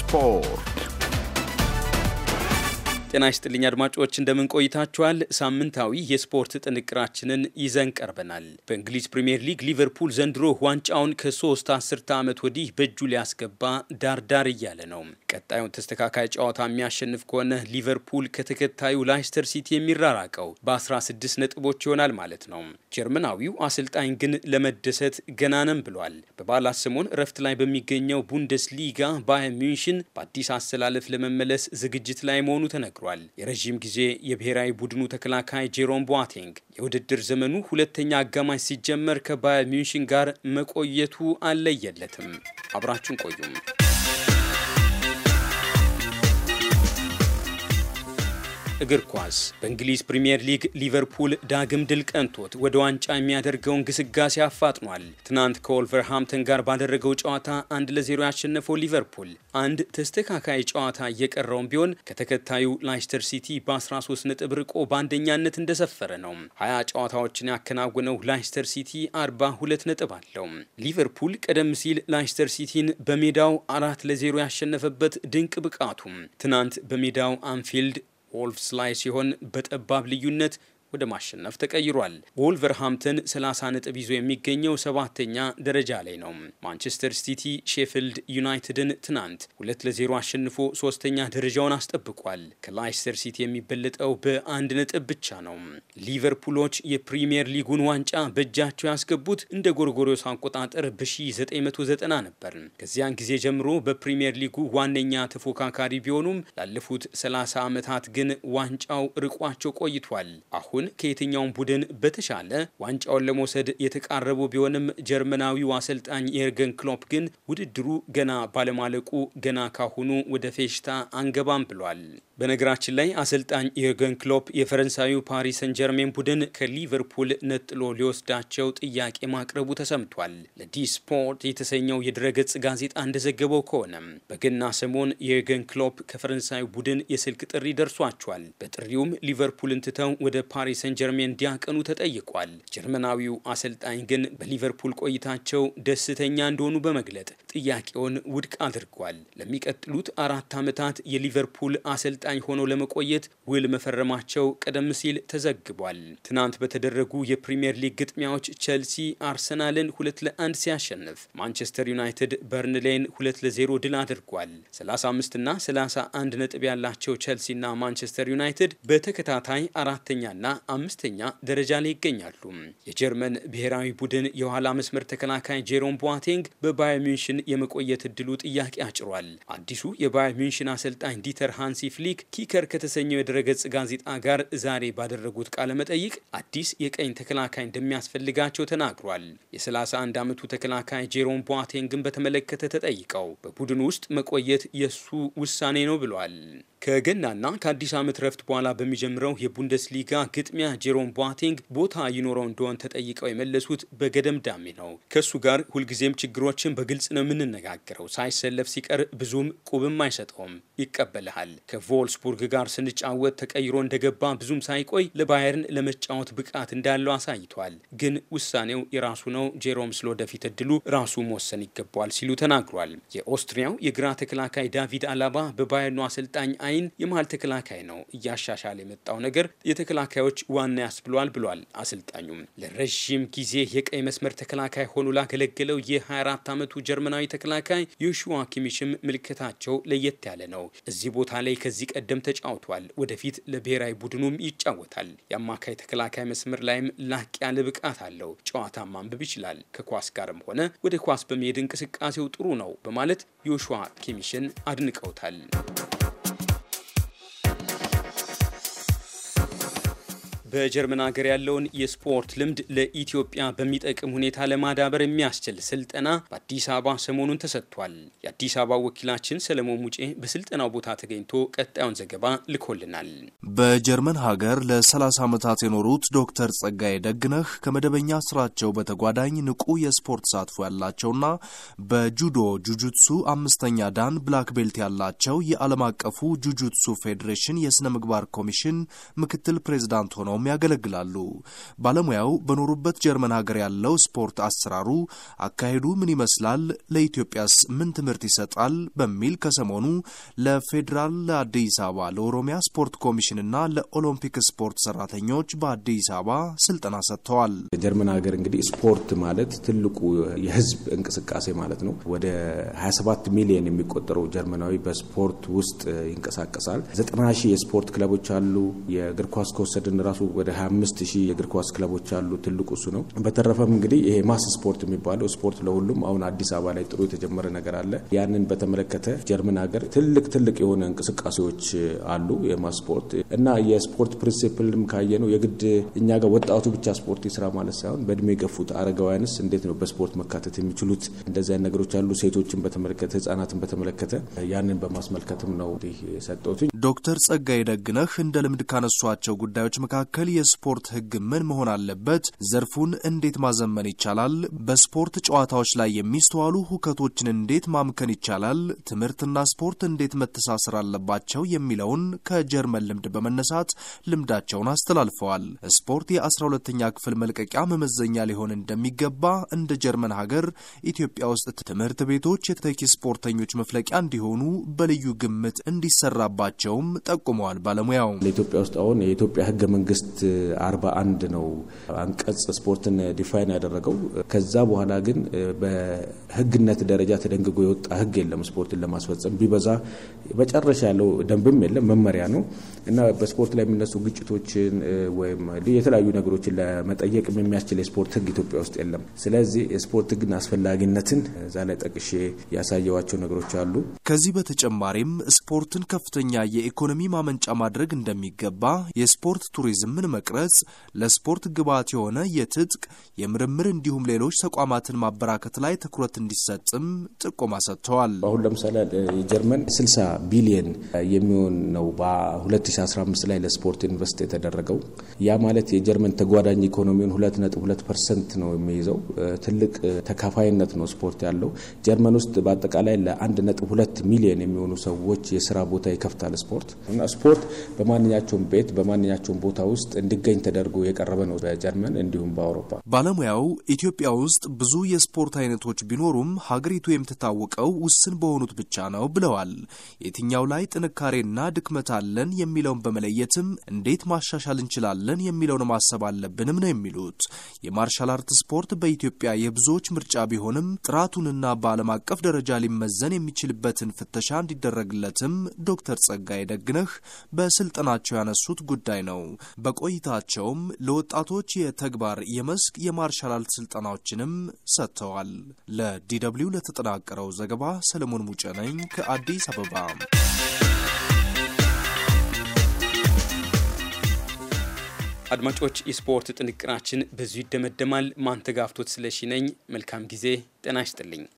spor. ጤና ይስጥልኝ አድማጮች፣ እንደምን ቆይታችኋል? ሳምንታዊ የስፖርት ጥንቅራችንን ይዘን ቀርበናል። በእንግሊዝ ፕሪምየር ሊግ ሊቨርፑል ዘንድሮ ዋንጫውን ከሶስት አስርተ ዓመት ወዲህ በእጁ ሊያስገባ ዳርዳር እያለ ነው። ቀጣዩን ተስተካካይ ጨዋታ የሚያሸንፍ ከሆነ ሊቨርፑል ከተከታዩ ላይስተር ሲቲ የሚራራቀው በ16 ነጥቦች ይሆናል ማለት ነው። ጀርመናዊው አሰልጣኝ ግን ለመደሰት ገናነም ብሏል። በባላ ሰሞን እረፍት ላይ በሚገኘው ቡንደስሊጋ ባየር ሚንሽን በአዲስ አሰላለፍ ለመመለስ ዝግጅት ላይ መሆኑ ተነግሯል። ተናግሯል። የረዥም ጊዜ የብሔራዊ ቡድኑ ተከላካይ ጄሮም ቦአቴንግ የውድድር ዘመኑ ሁለተኛ አጋማሽ ሲጀመር ከባየር ሚንሽን ጋር መቆየቱ አልለየለትም። አብራችን ቆዩም። እግር ኳስ በእንግሊዝ ፕሪምየር ሊግ ሊቨርፑል ዳግም ድል ቀንቶት ወደ ዋንጫ የሚያደርገውን ግስጋሴ አፋጥኗል። ትናንት ከወልቨርሃምተን ጋር ባደረገው ጨዋታ አንድ ለዜሮ ያሸነፈው ሊቨርፑል አንድ ተስተካካይ ጨዋታ እየቀረውም ቢሆን ከተከታዩ ላይስተር ሲቲ በ13 ነጥብ ርቆ በአንደኛነት እንደሰፈረ ነው። ሀያ ጨዋታዎችን ያከናወነው ላይስተር ሲቲ 42 ነጥብ አለው። ሊቨርፑል ቀደም ሲል ላይስተር ሲቲን በሜዳው አራት ለዜሮ ያሸነፈበት ድንቅ ብቃቱ ትናንት በሜዳው አንፊልድ ወልቭስ ላይ ሲሆን በጠባብ ልዩነት ወደ ማሸነፍ ተቀይሯል። ወልቨርሃምተን 30 ነጥብ ይዞ የሚገኘው ሰባተኛ ደረጃ ላይ ነው። ማንቸስተር ሲቲ ሼፊልድ ዩናይትድን ትናንት ሁለት ለዜሮ አሸንፎ ሶስተኛ ደረጃውን አስጠብቋል። ከላይስተር ሲቲ የሚበለጠው በአንድ ነጥብ ብቻ ነው። ሊቨርፑሎች የፕሪምየር ሊጉን ዋንጫ በእጃቸው ያስገቡት እንደ ጎርጎሪዮስ አቆጣጠር በ1990 ነበር። ከዚያን ጊዜ ጀምሮ በፕሪምየር ሊጉ ዋነኛ ተፎካካሪ ቢሆኑም ላለፉት 30 ዓመታት ግን ዋንጫው ርቋቸው ቆይቷል። አሁን በኩል ከየትኛውም ቡድን በተሻለ ዋንጫውን ለመውሰድ የተቃረቡ ቢሆንም ጀርመናዊው አሰልጣኝ የርገን ክሎፕ ግን ውድድሩ ገና ባለማለቁ ገና ካሁኑ ወደ ፌሽታ አንገባም ብሏል። በነገራችን ላይ አሰልጣኝ የርገን ክሎፕ የፈረንሳዩ ፓሪስ ሰን ጀርሜን ቡድን ከሊቨርፑል ነጥሎ ሊወስዳቸው ጥያቄ ማቅረቡ ተሰምቷል። ለዲስፖርት የተሰኘው የድረገጽ ጋዜጣ እንደዘገበው ከሆነ በገና ሰሞን የርገን ክሎፕ ከፈረንሳዩ ቡድን የስልክ ጥሪ ደርሷቸዋል። በጥሪውም ሊቨርፑልን ትተው ወደ ፓሪስ ሰን ጀርሜን እንዲያቀኑ ተጠይቋል። ጀርመናዊው አሰልጣኝ ግን በሊቨርፑል ቆይታቸው ደስተኛ እንደሆኑ በመግለጥ ጥያቄውን ውድቅ አድርጓል። ለሚቀጥሉት አራት ዓመታት የሊቨርፑል አሰልጣኝ ተቀናቃኝ ሆኖ ለመቆየት ውል መፈረማቸው ቀደም ሲል ተዘግቧል። ትናንት በተደረጉ የፕሪምየር ሊግ ግጥሚያዎች ቸልሲ አርሰናልን ሁለት ለአንድ ሲያሸንፍ ማንቸስተር ዩናይትድ በርንሌን ሁለት ለዜሮ ድል አድርጓል። 35 እና 31 ነጥብ ያላቸው ና ማንቸስተር ዩናይትድ በተከታታይ አራተኛና አምስተኛ ደረጃ ላይ ይገኛሉ። የጀርመን ብሔራዊ ቡድን የኋላ መስመር ተከላካይ ጄሮም ቧቴንግ በባየር ሚንሽን የመቆየት እድሉ ጥያቄ አጭሯል። አዲሱ የባየር ሚንሽን አሰልጣኝ ዲተር ሃንሲ ፍሊክ ኒክ ኪከር ከተሰኘው የድረገጽ ጋዜጣ ጋር ዛሬ ባደረጉት ቃለ መጠይቅ አዲስ የቀኝ ተከላካይ እንደሚያስፈልጋቸው ተናግሯል። የ31 ዓመቱ ተከላካይ ጄሮም ቦአቴንግን በተመለከተ ተጠይቀው በቡድን ውስጥ መቆየት የሱ ውሳኔ ነው ብሏል። ከገናና ከአዲስ ዓመት ረፍት በኋላ በሚጀምረው የቡንደስሊጋ ግጥሚያ ጄሮም ቧቴንግ ቦታ ይኖረው እንደሆን ተጠይቀው የመለሱት በገደም ዳሜ ነው። ከእሱ ጋር ሁልጊዜም ችግሮችን በግልጽ ነው የምንነጋገረው። ሳይሰለፍ ሲቀር ብዙም ቁብም አይሰጠውም፣ ይቀበልሃል። ከቮልስቡርግ ጋር ስንጫወት ተቀይሮ እንደገባ ብዙም ሳይቆይ ለባየርን ለመጫወት ብቃት እንዳለው አሳይቷል። ግን ውሳኔው የራሱ ነው፣ ጄሮም ስለወደፊት እድሉ ራሱ መወሰን ይገባዋል ሲሉ ተናግሯል። የኦስትሪያው የግራ ተከላካይ ዳቪድ አላባ በባየርኑ አሰልጣኝ አይን የመሀል ተከላካይ ነው እያሻሻለ የመጣው ነገር የተከላካዮች ዋና ያስብሏል ብሏል። አሰልጣኙም ለረዥም ጊዜ የቀይ መስመር ተከላካይ ሆኖ ላገለገለው የ24 ዓመቱ ጀርመናዊ ተከላካይ ዮሹዋ ኪሚሽም ምልክታቸው ለየት ያለ ነው። እዚህ ቦታ ላይ ከዚህ ቀደም ተጫውቷል። ወደፊት ለብሔራዊ ቡድኑም ይጫወታል። የአማካይ ተከላካይ መስመር ላይም ላቅ ያለ ብቃት አለው። ጨዋታ ማንበብ ይችላል። ከኳስ ጋርም ሆነ ወደ ኳስ በመሄድ እንቅስቃሴው ጥሩ ነው በማለት ዮሹዋ ኪሚሽን አድንቀውታል። በጀርመን ሀገር ያለውን የስፖርት ልምድ ለኢትዮጵያ በሚጠቅም ሁኔታ ለማዳበር የሚያስችል ስልጠና በአዲስ አበባ ሰሞኑን ተሰጥቷል። የአዲስ አበባ ወኪላችን ሰለሞን ሙጬ በስልጠናው ቦታ ተገኝቶ ቀጣዩን ዘገባ ልኮልናል። በጀርመን ሀገር ለ30 ዓመታት የኖሩት ዶክተር ጸጋዬ ደግነህ ከመደበኛ ስራቸው በተጓዳኝ ንቁ የስፖርት ተሳትፎ ያላቸውና በጁዶ ጁጁትሱ አምስተኛ ዳን ብላክ ቤልት ያላቸው የዓለም አቀፉ ጁጁትሱ ፌዴሬሽን የሥነ ምግባር ኮሚሽን ምክትል ፕሬዚዳንት ሆነው ሙያውም ያገለግላሉ። ባለሙያው በኖሩበት ጀርመን ሀገር ያለው ስፖርት አሰራሩ፣ አካሄዱ ምን ይመስላል፣ ለኢትዮጵያስ ምን ትምህርት ይሰጣል በሚል ከሰሞኑ ለፌዴራል ለአዲስ አበባ ለኦሮሚያ ስፖርት ኮሚሽንና ለኦሎምፒክ ስፖርት ሰራተኞች በአዲስ አበባ ስልጠና ሰጥተዋል። ጀርመን ሀገር እንግዲህ ስፖርት ማለት ትልቁ የህዝብ እንቅስቃሴ ማለት ነው። ወደ 27 ሚሊዮን የሚቆጠረው ጀርመናዊ በስፖርት ውስጥ ይንቀሳቀሳል። ዘጠና ሺህ የስፖርት ክለቦች አሉ። የእግር ኳስ ከወሰድን ራሱ ወደ 25 ሺህ የእግር ኳስ ክለቦች አሉ። ትልቁ እሱ ነው። በተረፈም እንግዲህ ይሄ ማስ ስፖርት የሚባለው ስፖርት ለሁሉም አሁን አዲስ አበባ ላይ ጥሩ የተጀመረ ነገር አለ። ያንን በተመለከተ ጀርመን ሀገር ትልቅ ትልቅ የሆነ እንቅስቃሴዎች አሉ። የማስ ስፖርት እና የስፖርት ፕሪንሲፕልም ካየ ነው የግድ እኛ ጋር ወጣቱ ብቻ ስፖርት ይስራ ማለት ሳይሆን በእድሜ የገፉት አረጋውያንስ እንዴት ነው በስፖርት መካተት የሚችሉት? እንደዚህ አይነት ነገሮች አሉ። ሴቶችን በተመለከተ ህጻናትን በተመለከተ ያንን በማስመልከትም ነው እንዲህ የሰጠሁት። ዶክተር ጸጋዬ ደግነህ እንደ ልምድ ካነሷቸው ጉዳዮች መካከል የስፖርት ህግ ምን መሆን አለበት፣ ዘርፉን እንዴት ማዘመን ይቻላል፣ በስፖርት ጨዋታዎች ላይ የሚስተዋሉ ሁከቶችን እንዴት ማምከን ይቻላል፣ ትምህርትና ስፖርት እንዴት መተሳሰር አለባቸው የሚለውን ከጀርመን ልምድ በመነሳት ልምዳቸውን አስተላልፈዋል። ስፖርት የ12ተኛ ክፍል መልቀቂያ መመዘኛ ሊሆን እንደሚገባ እንደ ጀርመን ሀገር ኢትዮጵያ ውስጥ ትምህርት ቤቶች የተተኪ ስፖርተኞች መፍለቂያ እንዲሆኑ በልዩ ግምት እንዲሰራባቸው መሆናቸውም ጠቁመዋል። ባለሙያው ለኢትዮጵያ ውስጥ አሁን የኢትዮጵያ ህገ መንግስት አርባ አንድ ነው አንቀጽ ስፖርትን ዲፋይን ያደረገው። ከዛ በኋላ ግን በህግነት ደረጃ ተደንግጎ የወጣ ህግ የለም። ስፖርትን ለማስፈጸም ቢበዛ መጨረሻ ያለው ደንብም የለም መመሪያ ነው እና በስፖርት ላይ የሚነሱ ግጭቶችን ወይም የተለያዩ ነገሮችን ለመጠየቅ የሚያስችል የስፖርት ህግ ኢትዮጵያ ውስጥ የለም። ስለዚህ የስፖርት ህግን አስፈላጊነትን እዛ ላይ ጠቅሼ ያሳየዋቸው ነገሮች አሉ። ከዚህ በተጨማሪም ስፖርትን ከፍተኛ የኢኮኖሚ ማመንጫ ማድረግ እንደሚገባ፣ የስፖርት ቱሪዝምን መቅረጽ፣ ለስፖርት ግብዓት የሆነ የትጥቅ የምርምር እንዲሁም ሌሎች ተቋማትን ማበራከት ላይ ትኩረት እንዲሰጥም ጥቆማ ሰጥተዋል። አሁን ለምሳሌ የጀርመን 60 ቢሊየን የሚሆን ነው በ2015 ላይ ለስፖርት ኢንቨስት የተደረገው። ያ ማለት የጀርመን ተጓዳኝ ኢኮኖሚውን 2.2 ፐርሰንት ነው የሚይዘው። ትልቅ ተካፋይነት ነው ስፖርት ያለው። ጀርመን ውስጥ በአጠቃላይ ለ1.2 ሚሊየን የሚሆኑ ሰዎች የስራ ቦታ ይከፍታል። ስፖርት እና ስፖርት በማንኛቸውም ቤት በማንኛቸውም ቦታ ውስጥ እንዲገኝ ተደርጎ የቀረበ ነው በጀርመን እንዲሁም በአውሮፓ። ባለሙያው ኢትዮጵያ ውስጥ ብዙ የስፖርት አይነቶች ቢኖሩም ሀገሪቱ የምትታወቀው ውስን በሆኑት ብቻ ነው ብለዋል። የትኛው ላይ ጥንካሬና ድክመት አለን የሚለውን በመለየትም እንዴት ማሻሻል እንችላለን የሚለውን ማሰብ አለብንም ነው የሚሉት። የማርሻል አርት ስፖርት በኢትዮጵያ የብዙዎች ምርጫ ቢሆንም ጥራቱንና በዓለም አቀፍ ደረጃ ሊመዘን የሚችልበትን ፍተሻ እንዲደረግለትም ዶክተር ጸጋይ ላይ ደግነህ በስልጠናቸው ያነሱት ጉዳይ ነው። በቆይታቸውም ለወጣቶች የተግባር የመስክ የማርሻል አርት ስልጠናዎችንም ሰጥተዋል። ለዲደብሊው ለተጠናቀረው ዘገባ ሰለሞን ሙጨ ነኝ ከአዲስ አበባ። አድማጮች፣ የስፖርት ጥንቅራችን ብዙ ይደመደማል። ማንተጋፍቶት ስለሺ ነኝ። መልካም ጊዜ። ጤና ይስጥልኝ።